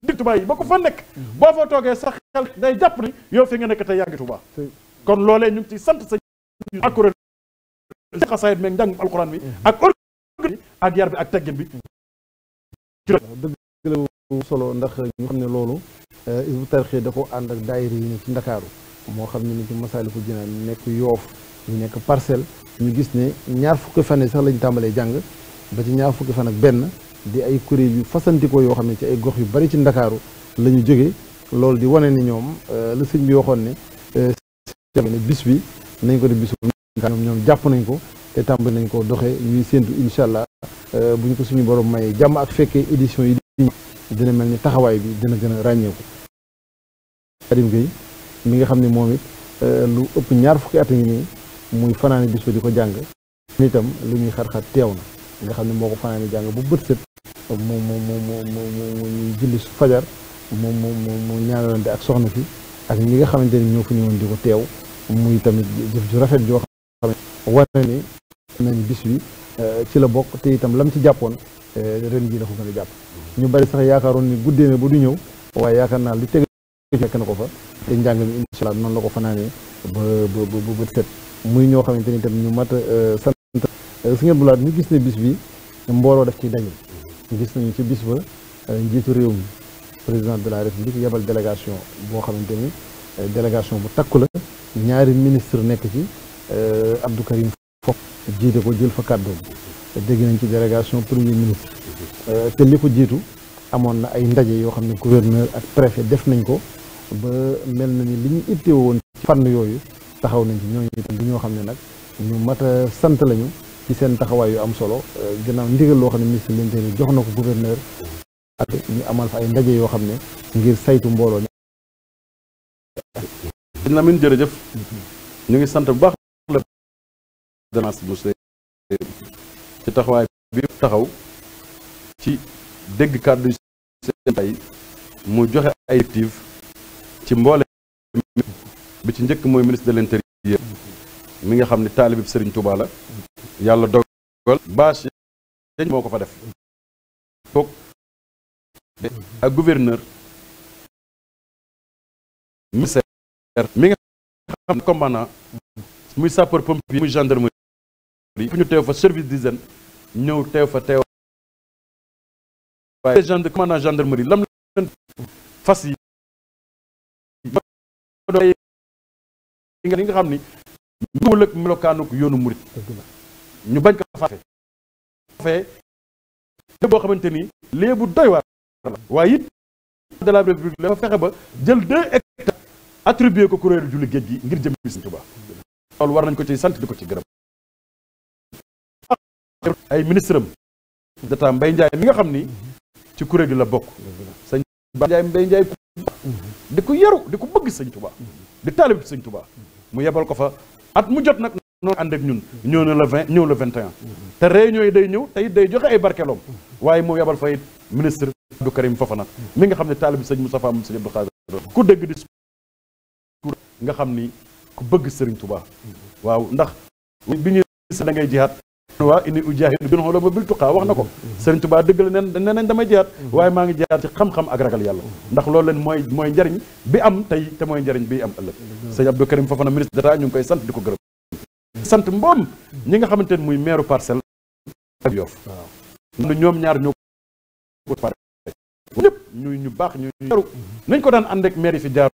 S2: di Tuubaa yi ba ko fa nekk boo fa toogee sax xel day jàpp ni yow fi nga nekk tey yaa ngi kon loolee ñu ci sant sa akkuréel xasaayit meeg njàngum alxuraan bi ak ak yar bi ak
S1: teggin bi dëgg solo ndax ñu xam ne loolu Hizbut eh, Tarqiyyah da ko ànd ak daayira yi ne ci Ndakaaru moo xam ne nu ci Masaalikul Jinaan nekk Yoof ñu nekk parcelle ñu gis ne ñaar fukki fan yi sax lañ tàmbalee jàng ba ci ñaar fukki fan ak benn di ay kuréel yu fasantikoo yoo xam ne ci ay gox yu bari ci ndakaaru la ñu jóge loolu di wane ni ñoom euh, la sëñ bi waxoon ne euh, ne bis bi nañ ko di bisu ñoom ñoom jàpp nañ ko te tàmbali nañ ko doxee ñuy séentu incha allah euh, bu ko suñu borom may jàmm ak fekkee édition yi dina mel ni taxawaay bi dina gën a ràññeeku Karim mi nga xam ne moom it lu ëpp ñaar fukki at muy fanaani bis ba di ko jàng itam lu ñuy xar-xar teew na nga xam ne moo ko fanaani jàng bu bët set mu mu mu mu mu mu julli su fajar mu mu mu ñaanalante ak soxna fi ak ñi nga xamante ni ñoo fa ñëwoon di ko teew muy tamit jëf ju rafet joo xam ne war na ni nañ bis bi euh, ci la bokk te itam lam ci jàppoon euh, ren jii la ko gën a jàpp ñu bari sax yaakaaroon ni guddee na ba du ñëw waaye yaakaar naa li teg fekk na ko fa te njàng mi incha allah la ko fanaanee ba ba ba bët set muy ñoo xamante ni tam ñu mat a euh, sant euh, bulaat ñu gis ne bis bi mbooloo def ciy daje gis nañu ci bis ba euh, njiitu réew mi président de la république yebal délégation boo xamante ni délégation bu takku la ñaari ministre nekk ci Abdou Karim Fofana jiite ko jël fa kàddoom dégg nañ ci délégation premier ministre te li ko jiitu amoon na ay ndaje yoo xam ne gouverneur ak préfet def nañ ko ba mel na ni li ñu itteewoon ci fànn yooyu taxaw nañ ci ñooñu itam di ñoo xam ne nag ñu mat sant lañu ci seen taxawaay yu am solo euh, gannaaw ndigal loo xam ne ministre de l'intérieur jox na ko gouverneur ak ñu amal fa ay ndaje yoo xam ne ngir saytu mbooloo
S2: jërëjëf ñu ngi sant bu baax
S3: la bu ci taxawaay bi taxaw
S2: ci dégg kàddu seen tay mu joxe ay active ci mboole bi ci njëkk mooy ministre de l'intérieur mi nga xam ne taalibib Serigne Touba la yàlla dogal bâche dañ moo ko fa
S3: def toog ak gouverneur ministère mi nga xam ne commandant muy sapeur pompier muy gendarmerie fu ñu teew fa service d'hygiène ñëw teew fa teew waaye commandant gendarmerie lam leen fas yi li nga xam ni ñuul ak melokaanu yoonu murit ñu bañ ko faafe fee
S2: boo xamante ni lée bu doy waar waaye it de la république dafa fexe ba jël deux hectares attribué ko kuréelu julli géej gi ngir jëm Sëñ Tuubaa loolu war
S3: nañ ko ci sant di ko ci gërëm ay ministre am
S2: d'état Mbay Njaay mi nga xam ni ci kuréel gi la bokk sëñ Mbay Njaay di ko yaru di ko bëgg sëñ Touba di taalib sëñ Touba mu yebal ko fa at mu jot nag noonu ànd ak ñun ñëw na le 20 ñëw le 21 te réunion yi day ñëw tey day joxe ay barkeloom waaye moo yebal fa it ministre Abdou Karim Fofana mi nga xam ne taalib sëñ Moustapha Moussa Abdou Khadir ku dégg discours nga xam ni ku bëgg sëriñ Touba waaw ndax bi ñuy da ngay jihaat waa inni ujaahidu bil ulama wax na ko Sëriñ Tuubaa dëgg la nen ne nañ damay jihaat waaye maa ngi jihaat ci xam-xam ak ragal yàlla ndax loolu leen mooy mooy njariñ bi am tey te mooy njariñ bi am ëllëg sëñ Abdou Karim Fofana ministre d'État ñu koy sant di ko gërëm sant mboom ñi nga xamante ne muy maire parcelle ak Yoff na ñoom ñaar ñoo ko pare ñëpp ñu ñu baax ñu yaru nañ ko daan ànd ak yi fi jaar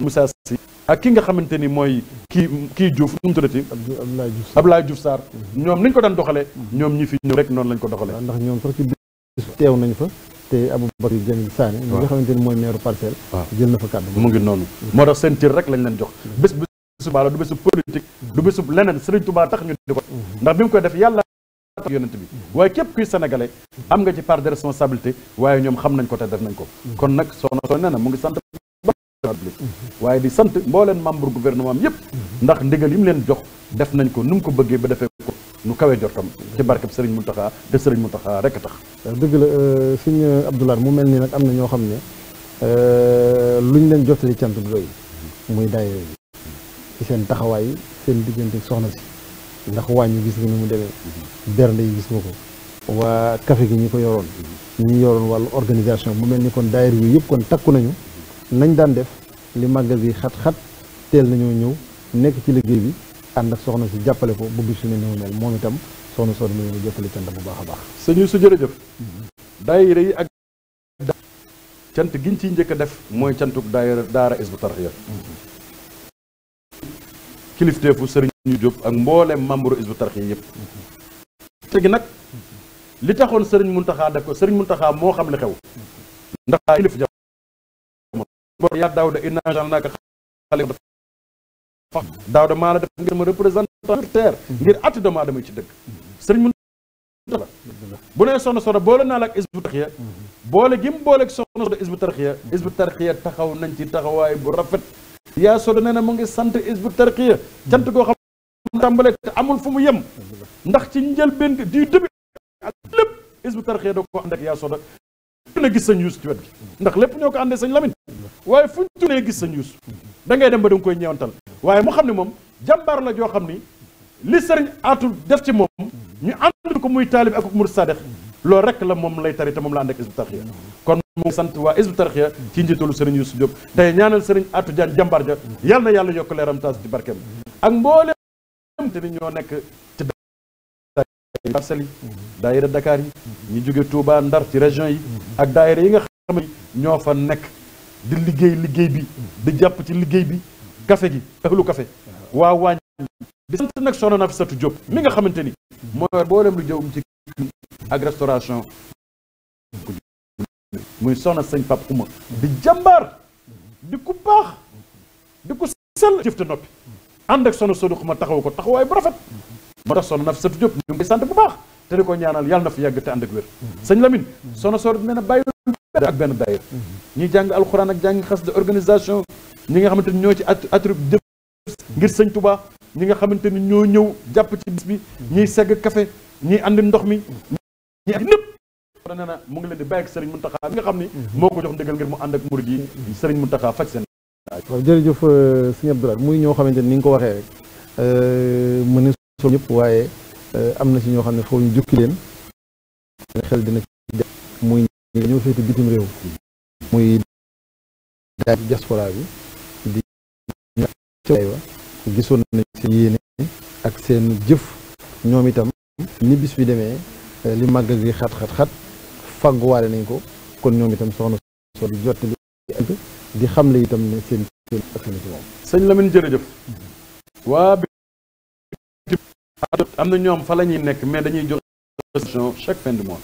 S2: Moussa Sy ak ki nga xamante ni mooy kii kii Diouf nu mu tuddati Abdoulaye Diouf Sarr mhm. ñoom nañ ko daan doxalee mhm. ñoom ñi fi ñëw rek noonu lañ ko doxalee ndax
S1: ñoom sax ci bis teew nañ fa te Aboubacar Diagne Sané ñi nga xamante ni mooy meeru parcelle jël na fa kàddu mu ngi noonu mhm. moo tax
S2: seen rek lañ leen jox bés bu subaa la du bésu politique du bésu leneen Serigne Touba tax ñu di ko ndax bi mu koy def yàlla yonent bi waaye képp kuy sénégalais am nga ci part de responsabilité waaye ñoom xam nañ ko te def nañ ko kon nag soxna soo nee na mu ngi sant république waaye di sant mbooleen membre gouvernement am yépp ndax ndigal yi mu leen jox def nañ ko nu mu ko bëggee ba defee ko nu kawee jortam ci barkeb sëriñ Muntaxa te sëriñ Muntaxa rek tax
S1: dëgg la euh, sëñ Abdoulaye mu mel ni nag am na ñoo xam ne euh, luñ leen jottali cant bu doy muy daayira yi ci seen taxawaay seen diggante soxna si ndax wàññi gis nga ni mu demee bernde yi gis nga ko waa café gi ñi ko yoroon ñi yoroon wàllu organisation mu mel ni kon daayira yi yëpp kon takku nañu nañ daan def li màggas yi xat-xat teel nañoo ñëw nekk ci liggéey bi ànd ak soxna si jàppale ko bu bis suñu néew mel moom itam soxna soxna mu jàppale cant bu baax a baax sëñu su
S2: jërëjëf daayira ak cant giñ ci njëkk a def mooy cantuk daayira daara isbu tarxiya kilifteefu sëriñ ñu Jóob ak mboolem membre isbu tarxiya yëpp te gi nag li taxoon sëriñ Muntaxaa def ko sëriñ taxaa moo xam li xew ndax kilif boo yaa Daawda innaa ja'alnaaka xaliifatan Daawda maa la def ngir ma représentant sur terre ngir atti doomu aadama yi ci dëgg sëriñ mu bu nee soxna soxna boole naa la ak isbu tarxiya boole gi mu booleeg soxna soxna isbu tarxiya isbu tarxiya taxaw nañ ci taxawaay bu rafet yaa soda nee na mu ngi sant isbu tarxiya cant goo xam ne tàmbalee te amul fu mu yem ndax ci njëlbeen du di ak lépp isbu tarxiya da ko ànd ak yaa soda na gis sañ yuus ci wet gi ndax lépp ñoo ko àndee sañ lamin waaye fu ñu tunee gis sañ yuus da ngay dem ba da nga koy ñeewantal waaye mu xam ne moom jàmbaar la joo xam ni li sëriñ aatu def ci moom ñu ànd ko muy taalib ak mur sadex loolu rek la moom lay tari moom la ànd ak isbu tarxiya kon mu sant waa isbu tarxiya ci njiitalu sëriñ Yuusu Jóob tey ñaanal sëriñ aatu jaan jàmbaar ja yal na yàlla yokk leeram taas ci barkeem ak mboolem te parcelles yi daayira Dakar yi ñu jóge Touba Ndar ci région yi ak daayira yi nga xam ñoo fa nekk di liggéey liggéey bi di jàpp ci liggéey bi kafe gi ëxlu kafe waa waañ di sant nag soxna Nafisatu Diop mi nga xamante ni mooy boolem lu jëm ci ak restauration muy soxna sëñ Pape Ouma di jàmbaar di ku baax di ku sell jëf noppi ànd ak soxna Sodu Xuma taxaw ko taxawaay bu rafet moo tax soxna Nafissatou Diop ñu ngi sant bu baax te di ko ñaanal yàlla na fi yàgg te ànd ak wér sëñ Lamine soxna soor nee na bàyyi ak benn daayir ñi jàng alxuraan ak jàng xas de organisation ñi nga xamante ni ñoo ci atrib jëf ngir sëñ Touba ñi nga xamante ni ñoo ñëw jàpp ci bis bi ñiy segg café ñiy andi ndox mi ñi ak ñëpp nee na mu ngi leen di bàyyi ak Serigne Mountakha mi nga xam ni moo ko jox ndigal ngir mu ànd ak murid yi Serigne Mountakha faj seen
S1: waaw jërëjëf euh, sëñ Abdoulaye muy ñoo xamante ni nga ko waxee rek euh, so ñëpp waaye euh, am na ci ñoo xam ne foo ñu jukki leen xel dina ci def muy ñoo féete bitim réew muy daal wa gisoon nañ seen yéene ak seen jëf ñoom itam ni bis bi demee euh, li màggal gi xat xat xat fàgguwaale nañ ko kon ñoom itam soxna so di jotti li di xamle itam ne seen seen ak seen ci moom
S2: sëñ Lamine jërëjëf mm-hmm. waa am na ñoom fa la nekk mais dañuy joxe chaque fin du mois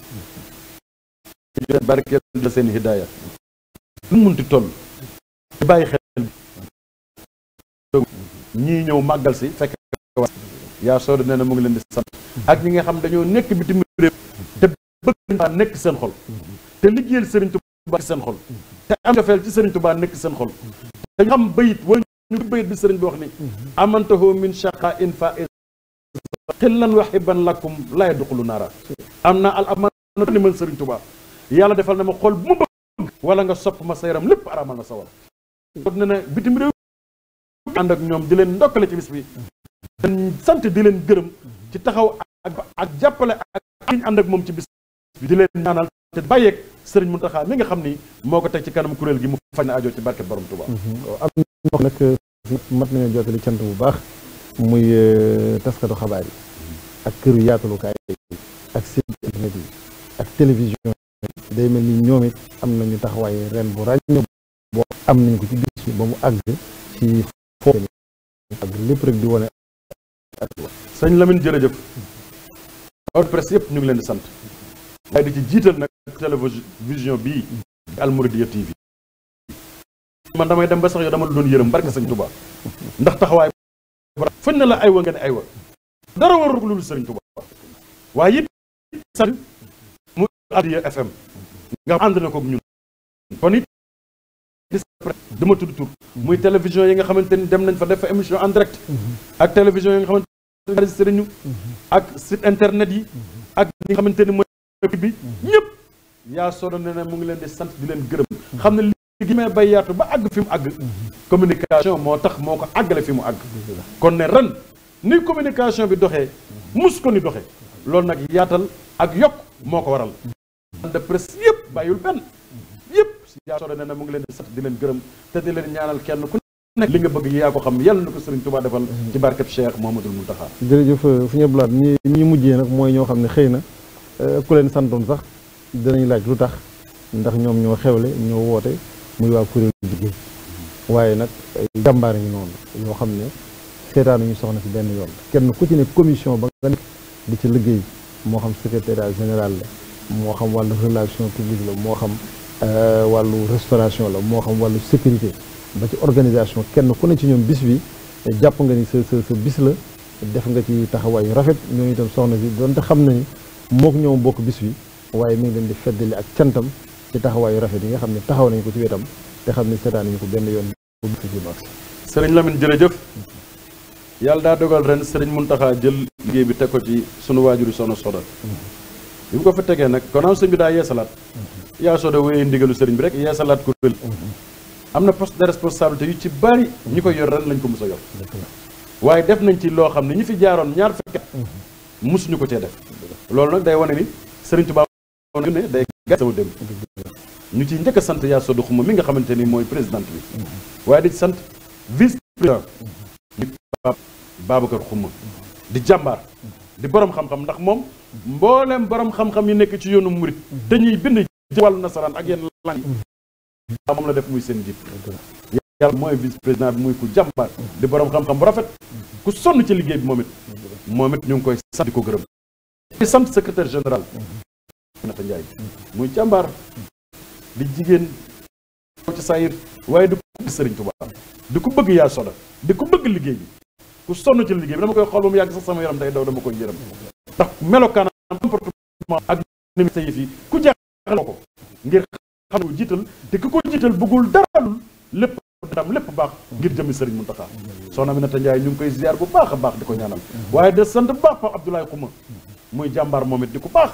S2: ñu joxe la seen hidaaya lu munti toll di bàyyi xel ñii ñëw màggal si fekk yaa sooda nee na mu ngi leen di sant ak ñi nga xam dañoo nekk bitim réew te bëgg nekk seen xol te liggéeyal Serigne Touba nekk seen xol nekk seen xol dañu xam bayit wala ñu bayit bi Serigne bi wax ni amantahu min shaqa xillan wa xibban lay laa yadxulu naara am naa al amaana ni man sëriñ tubaab yàlla defal na ma xool bu ma bëgg wala nga sopp ma sa yaram lépp araamal na sawal kon ne na bitim réew ànd ak ñoom di leen ndokkale ci bis bi dañ sant di leen gërëm ci taxaw ak ak jàppale ak ki ànd ak moom ci bis bi di leen ñaanal te bàyyeeg sëriñ Muntaxa mi nga xam ni moo ko teg ci kanam kuréel gi mu faj na ajo ci barke borom Tuubaa mm-hmm.
S1: am na nag mat nañoo jotali cant bu baax muy euh, taskatu xabaar yi ak kër yaatalukaay yi ak site internet yi ak télévision day mel ni ñoom it am nañu taxawaay ren bu ràññee boo am nañ ko ci bis bi ba mu àgg ci foofu lépp rek di wane
S2: ak sëñ Lamine jërëjëf wàllu presse yëpp ñu ngi leen di sant waaye di ci jiital nag télévision bii di Almouridiyyah TV man damay dem ba sax yow dama la doon yërëm barke sëñ Tuubaa ndax taxawaay fañ na la aywa ngeen aywa dara warul loolu Serigne Touba waaye it sant mu Addiya FM nga ànd na ko ñun kon it dama tudd tur muy télévision yi nga xamante ni dem nañ fa def fa émission en direct ak télévision yi nga xamante ni ñu ak site internet yi ak li xamante ni mooy bi ñëpp yaa solo ne ne mu ngi leen di sant di leen gërëm xam ne léegi may bay yaatu ba àgg fimu mu àgg communication moo tax moo ko àggale fi mu àgg kon ne ren ni communication bi doxee mus ko ni doxe loolu nag yaatal ak yokk moo ko waral de presse yëpp bàyyul benn yëpp si yaa sore ne na mu ngi leen di sant di leen gërëm te di leen ñaanal kenn ku nekk li nga bëgg yaa ko xam yàlla na ko Sëriñ Tuubaa defal ci barkeb Cheikh Mouhamadoul Mountakha
S1: jërëjëf fu ñu blaat ñi ñi mujjee nag mooy ñoo xam ne xëy na euh, ku leen santoon sax dinañ laaj lu tax ndax ñoom ñoo xewle ñoo woote muy waa kuréel liggéey waaye nag jàmbaar ñi noonu yoo xam ne seetaanuñu soxna si benn yoon kenn ku ci ne commission ba nga nekk di ci liggéey moo xam secrétariat général la moo xam wàllu relation publique la moo xam euh, wallu restauration la moo xam wàllu sécurité ba ci organisation kenn ku ne ci ñoom bis bi jàpp nga ni sa sa bis la def nga ci taxawaayu rafet ñoo ñooñu tam soxna si donte xam na ni mook ñoom bokk bis bi waaye mu ngi leen di feddali ak cantam ci taxawaayu rafet yi nga xam ne taxaw nañu ko ci wetam te xam ne seetaan nañu ko
S2: benn yoon bi max Sëriñ yàlla daa dogal ren sëriñ Muntaxa jël liggéey bi teg ko ci sunu waajuri sono soda bi mu ko fa tegee nag kon sëñ bi daa yeesalaat yaa soda wéyee ndigalu sëriñ bi rek yeesalaat kuréel am na poste de responsabilité yu ci bari ñi ko yor ren lañ ko mos a yor waaye def nañ ci loo xam ne ñi fi jaaroon ñaar fekkat musuñu ko cee def loolu nag day wane ni sëriñ Tuubaa ne day gàtt sama dem ñu ciy njëkk sant yaa soda xuma mi nga xamante ni mooy présidente bi waaye di sant vice ba Babacar Xuma di jàmbaar di borom xam-xam ndax moom mbooleem borom xam-xam yi nekk ci yoonu murit dañuy bind wàllu nasaraan ak yenn lang moom la def muy seen jiit yàlla mooy vice président bi muy ku jàmbaar di borom xam-xam bu rafet ku sonn ci liggéey bi moom it moom it ñu ngi koy sant di ko gërëm di sant secretaire général Nata Ndiaye muy jàmbaar di jigéen ci sayir waaye di ko bëgg Sëriñ Tuubaa di ko bëgg yaa soda di ko bëgg liggéey bi ku sonn ci liggéey bi dama koy xool ba mu yàgg sax sama yaram day daw dama koy yërëm ndax melokaanam comportement ak ni mu sayëf yi ku jaaxal ko ngir xam ne jiital te ki ko jiital bëggul dara lépp dam lépp baax ngir jëmmi sëriñ Muntaxa soxna Aminata Njaay ñu ngi koy ziar bu baax a baax di ko ñaanal waaye de sant baax Pape Abdoulaye Xuma muy jàmbaar moom it di ko baax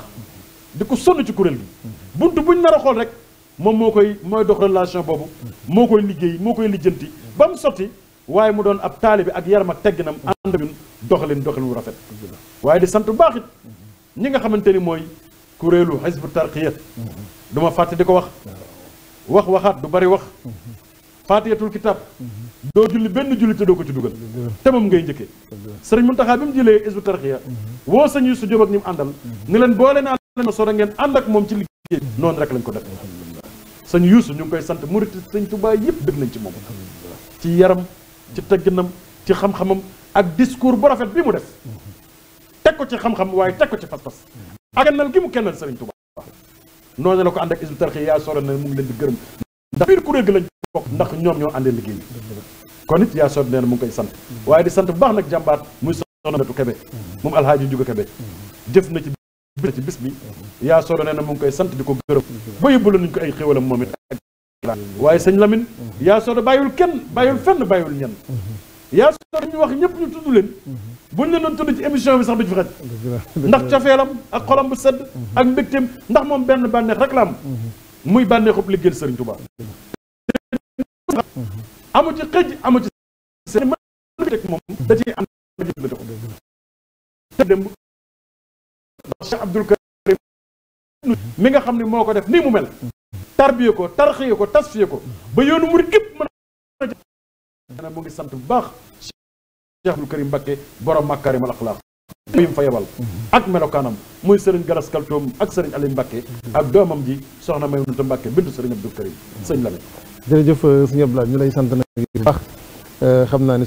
S2: di ko sonn ci kuréel gi bunt buñ nar a xool rek moom moo koy mooy dox relation boobu moo koy liggéey moo koy lijjanti ba mu waaye mu doon ab taali bi ak yaram ak tegginam ànd ak ñun doxalin doxalin wu rafet waaye di sant bu baax ñi nga xamante ni mooy kuréelu xisbu tarqiyat du ma fàtte di ko wax wax waxaat du bari wax faatiyatul kitab doo julli benn julli te doo ko ci dugal te moom ngay njëkkee mun taxaa bi mu jëlee xisbu tarqiya woo sañu su jóg ñu ñi mu àndal ni leen boole naa leen soro ngeen ànd ak moom ci liggéey noonu rek lañ ko def sëñ Yuusu ñu ngi koy sant murit sëñ Tuubaa yëpp dëgg nañ ci moom ci yaram ci tegginam ci xam-xamam ak discours bu rafet bii mu def teg ci xam-xam waaye teg ko ci pas-pas ak kennal gi mu kennal Serigne Touba noonu la ko ànd ak Hizbut Tarqiyyah yaa soro ne mu ngi leen di gërëm ndax biir kuréel gi lañ bokk ñoo àndee it yaa soro nee na koy sant waaye di sant bu baax nag jàmbaat muy sonatu Kebe moom alhaaji Juga Kebe jëf na ci bis bi yaa soro nee na mu ngi koy sant di ko gërëm ba yóbbu nañ ko ay xéwalam moom it waaye sëñ lamin yaa sooda bàyyiwul kenn bàyyiwul fenn bàyyiwul ñenn yaa sooda ñu wax ñëpp ñu tudd leen buñ leen doon tudd ci émission bi sax du ci xaj ndax cofeelam ak xolam bu sedd ak mbégteem ndax moom benn bànneex rek la am muy bànneexub liggéeyal Sëriñ Tuubaa amu ci xëj amu ci seen moom da am démb mi nga xam ne moo ko def nii mu mel tarbiye ko tarxiye ko ko ba yoonu murid gépp mën a mu ngi sant bu baax Cheikh Abdou Karim Mbacké borom makarimal axlaaq mu fa yebal melokaanam muy sëriñ Galas Kaltoom ak sëriñ Ali Mbacké ak doomam ji soxna Maymunta mbakke bintu sëriñ Abdou Karim sëñ la ne
S1: jërëjëf euh, sëñ Abdoulaye ñu lay sant na bu baax euh, xam naa ni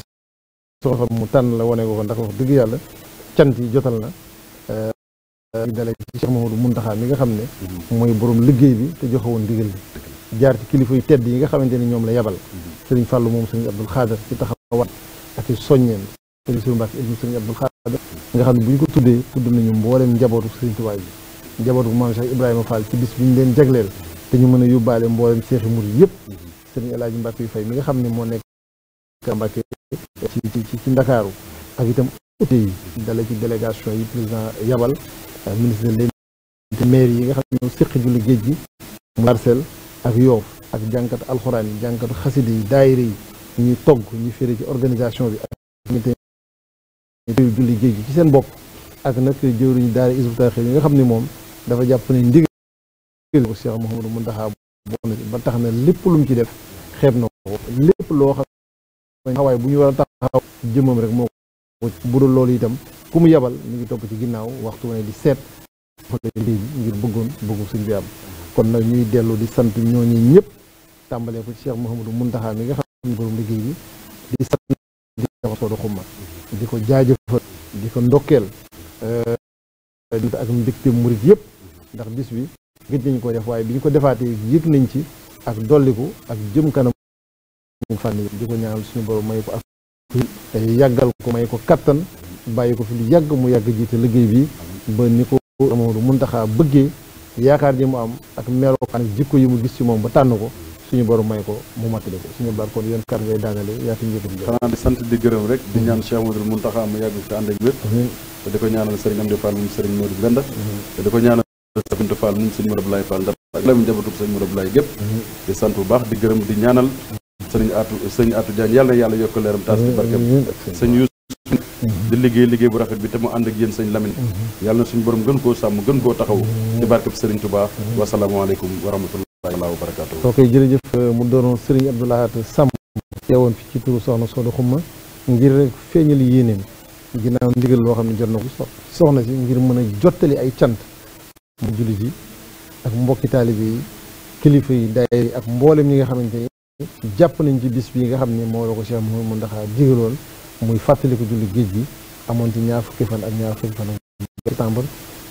S1: soo xam mu tànn la wane ko ndax wax dëgg yàlla cant yi jotal na di dalay ci Cheikh mi nga xam ne mhm. mooy borom liggéey bi joxe woon ndigal li jaar ci kilifa yu yi nga xamante ni ñoom la yabal mhm. sëriñ Fàllu moom sëriñ Abdul Xaadir ci taxawat ak ci soññeem sëriñ Sëriñ Mbàkke ibnu sëriñ Abdul Xaadir mhm. nga xam ne bu ñu ko tuddee tudd nañu mboolem njabootu sëriñ Tuubaa njabootu Maam Cheikh Ibrahima Fall ci bis ñu leen jagleel te mën a yóbbaale mboolem seexi murid yëpp sëriñ Alaaji Mbàkke yu fay mi nga xam ne moo nekk Mbàkke ci ci ci Ndakaaru ak itam auté yi dala ci délégation yi président yabal ak ministre de te maire yi nga xam ne ñoom séq julli géej gi mu Marcel ak Yoof ak jànkat alxuraan yi jànkat xasida yi daayira yi ñuy togg ñu féré ci organisation bi ak ñi tey julli géej gi ci seen bopp ak nag jëwriñu daara isbitaal yi nga xam ni moom dafa jàpp ne ndigal ko Cheikh Mouhamadou Mountakha boo na ci ba tax na lépp lu ci def xeeb na ko lépp loo xam ne xawaay bu ñu war a taxaw jëmam rek moo ko bu dul loolu itam ku mu yebal mu ngi topp ci ginnaaw waxtu wane di seet xoolal liggéey bi ngir bëggoon bëggu suñ bi am kon nag ñuy dellu di sant ñooñu ñëpp tàmbalee ko Cheikh Mouhamadou Mountakha mi nga xam ne borom liggéey bi di sant di ko di ko jaajëfal di ko ndokkeel euh, ak mbégte murit ndax bis bi gëj ko def waaye bi ñu ko defaatee yëg nañ ci ak dolliku ak jëm kanam fànn yi di ko ñaanal suñu borom may ko ak te yàggal ko may ko kattan bàyyi ko fi lu yàgg mu yàgg jiite liggéey bi ba ni ko Amadou Muntaxa bëggee yaakaar ji mu am ak ko ak jikko yi mu gis ci moom ba tànn ko suñu borom may ko mu matale ko suñu bar kon yéen kàddu ngay daanale yaa fi njëkk bi
S2: xanaa di sant di gërëm rek di ñaan Cheikh Amadou mu yàgg fi ànd di ko ñaanal Serigne Amdi Fall di ñaanal Sabintu Fall moom Serigne Modou Blay Fall ndax ak la mu njabootu Serigne Modou Blay gépp sant bu baax di gërëm di ñaanal sëriñ Atou sëriñ Atou Diagne di liggéey liggéey bu rafet bi te mu ànd ak yéen sañ Lamine mm-hmm. yàlla na suñu borom gën koo sàmm gën koo taxaw ci barkeb Serigne Touba mm-hmm. wasalaamaaleykum wa rahmatullahi wa barakatu
S1: soo koy jërëjëf mu doonoon Serigne Abdou Lahat Samb teewoon fi ci turu soxna Soda Xumma ngir rek feeñal yéeneen ginnaaw ndigal loo xam ne jot na ko soxna si ngir mën a jottali ay cant mu jullit yi ak mbokki taalibe yi kilifa yi daayira ak mboolem ñi nga xamante ni jàpp nañ ci bis bi nga xam ne moo la ko Cheikh Mouhamadou Mountakha digaloon muy fàttali ko julli géej gi amoon ci ñaar fukki fan ak ñaar fukki fan ak septembre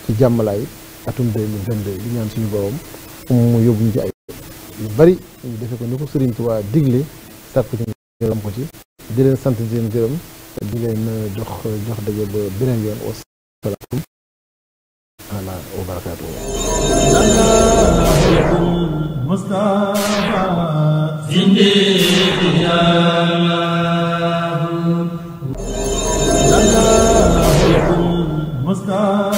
S1: ci jàmmalaay atum 2022 di ñaan suñu borom mu yóbbu ñu ci ay yu bari ñu defe ko ni ko Serigne Touba digle sàkku ci ñu ko ci di leen sant di leen gërëm di leen jox jox daje ba beneen yoon wasalaam
S4: ala wa barakaatu Mustafa